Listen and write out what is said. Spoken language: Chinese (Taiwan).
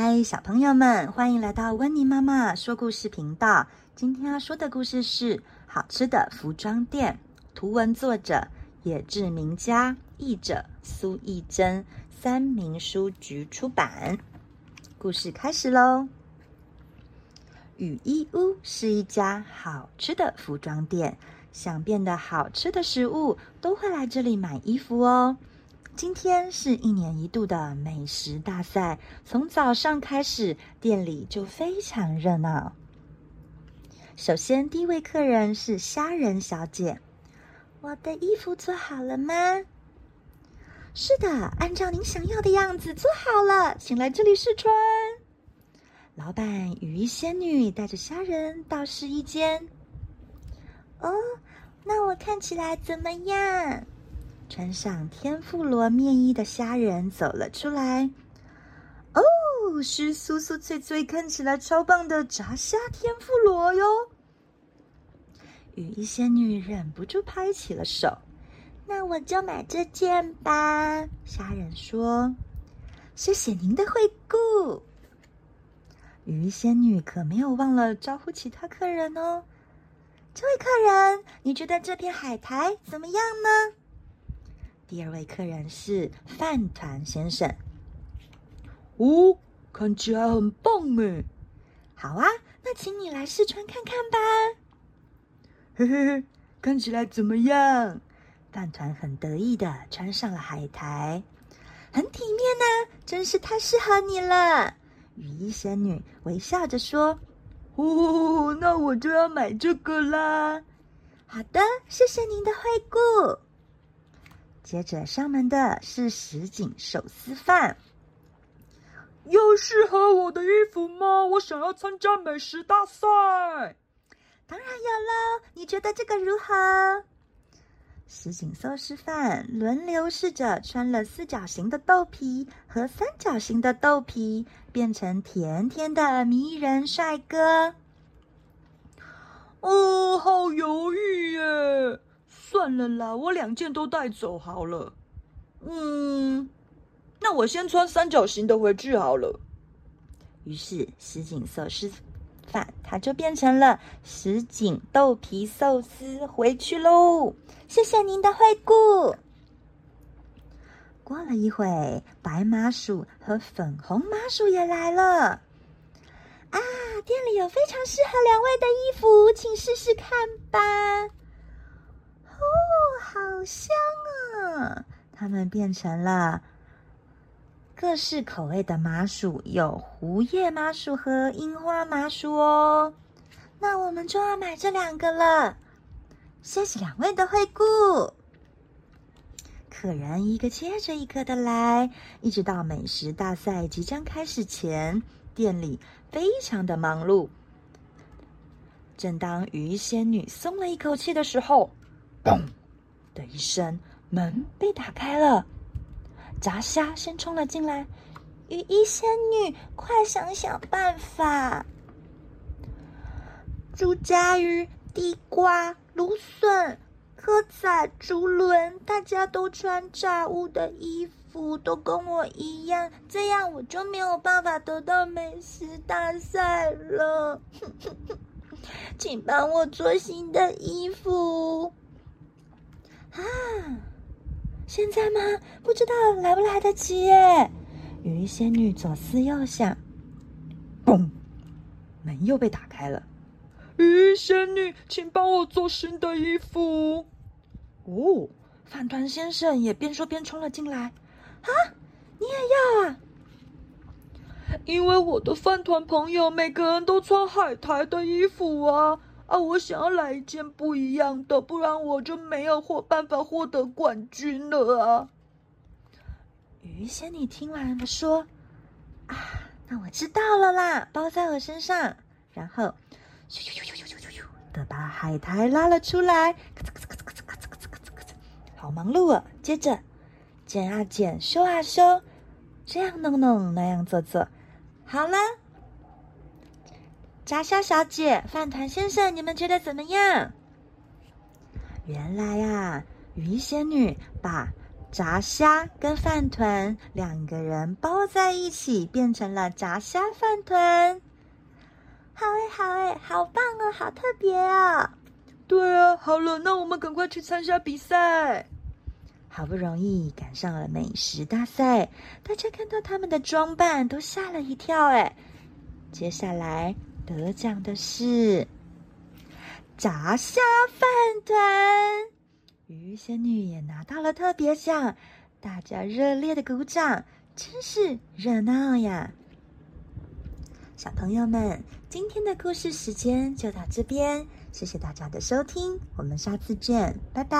嗨，小朋友們，歡迎來到溫妮媽媽說故事頻道。今天要說的故事是《好吃的服裝店》，圖文作者野志明加，譯者蘇懿禎，三民書局出版。故事開始嘍！羽衣屋是一家好吃的服裝店，想變得好吃的食物都會來這裡買衣服哦。今天是一年一度的美食大賽，從早上開始，店裡就非常熱鬧。首先，第一位客人是蝦仁小姐。我的衣服做好了嗎？是的，按照您想要的樣子做好了，請來這裡試穿。老闆羽衣仙女帶着蝦仁到試衣間。哦，那我看起來怎麼樣？穿上天婦羅麵衣的蝦仁走了出來，哦，是酥酥脆脆、看起來超棒的炸蝦天婦羅喲！羽衣仙女忍不住拍起了手。那我就買這件吧，蝦仁說。謝謝您的惠顧。羽衣仙女可沒有忘了招呼其他客人哦。這位客人，你覺得這片海苔怎麼樣呢？第二位客人是飯團先生。哦，看起來很棒哎！好啊，那請你來試穿看看吧。嘿嘿嘿，看起來怎麼樣？飯團很得意地穿上了海苔，很體面啊，真是太適合你了。羽衣仙女微笑着說：“哦，那我就要買這個啦。”好的，謝謝您的惠顧。接着上門的是石井壽司飯，有適合我的衣服嗎？我想要參加美食大賽，當然有嘍！你覺得這個如何？石井壽司飯輪流試着穿了四角形的豆皮和三角形的豆皮，變成甜甜的迷人帥哥。哦，好猶豫耶！算了啦，我兩件都帶走好了。嗯，那我先穿三角形的回去好了。於是什錦壽司飯，它就變成了什錦豆皮壽司回去嘍。謝謝您的惠顧。過了一會，白麻糬和粉紅麻糬也來了。啊，店裡有非常適合兩位的衣服，請試試看吧。好香啊！它們變成了各式口味的麻薯，有紅葉麻薯和櫻花麻薯哦。那我們就要買這兩個了。謝謝兩位的惠顧。客人一個接着一個的來，一直到美食大賽即將開始前，店裡非常的忙碌。正當羽衣仙女鬆了一口氣的時候，嘣、嗯！的一聲，門被打開了，炸蝦先衝了進來。羽衣仙女，快想想辦法！竹筴魚、地瓜、蘆筍、蚵仔、竹輪，大家都穿炸物的衣服，都跟我一樣，這樣我就沒有辦法得到美食大賽了。 請幫我做新的衣服。啊，現在嗎？不知道來不來得及耶！羽衣仙女左思右想，嘣，門又被打開了。羽衣仙女，請幫我做新的衣服。哦，飯團先生也邊說邊衝了進來。啊，你也要啊？因為我的飯團朋友每個人都穿海苔的衣服啊。啊，我想要來一件不一樣的，不然我就沒有獲辦法獲得冠軍了啊！魚仙女聽完了說：“啊，那我知道了啦，包在我身上。”然後咻咻咻咻咻咻咻咻的把海苔拉了出來，咔嚓咔嚓咔嚓咔嚓咔嚓咔嚓咔嚓，好忙碌啊！接着剪啊剪，修啊修，這樣弄弄，那樣做做，好了。炸蝦小姐、飯糰先生，你們覺得怎麼樣？原來呀、啊，魚仙女把炸蝦跟飯糰兩個人包在一起，變成了炸蝦飯糰。好誒、哎、好誒、哎，好棒哦，好特別哦！對啊，好了，那我們趕快去參加比賽。好不容易趕上了美食大賽，大家看到他們的裝扮都嚇了一跳、哎。誒。接下來。得獎的是炸蝦飯糰，魚仙女也拿到了特別獎，大家熱烈的鼓掌，真是熱鬧呀！小朋友們，今天的故事時間就到這邊，謝謝大家的收聽，我們下次見，拜拜。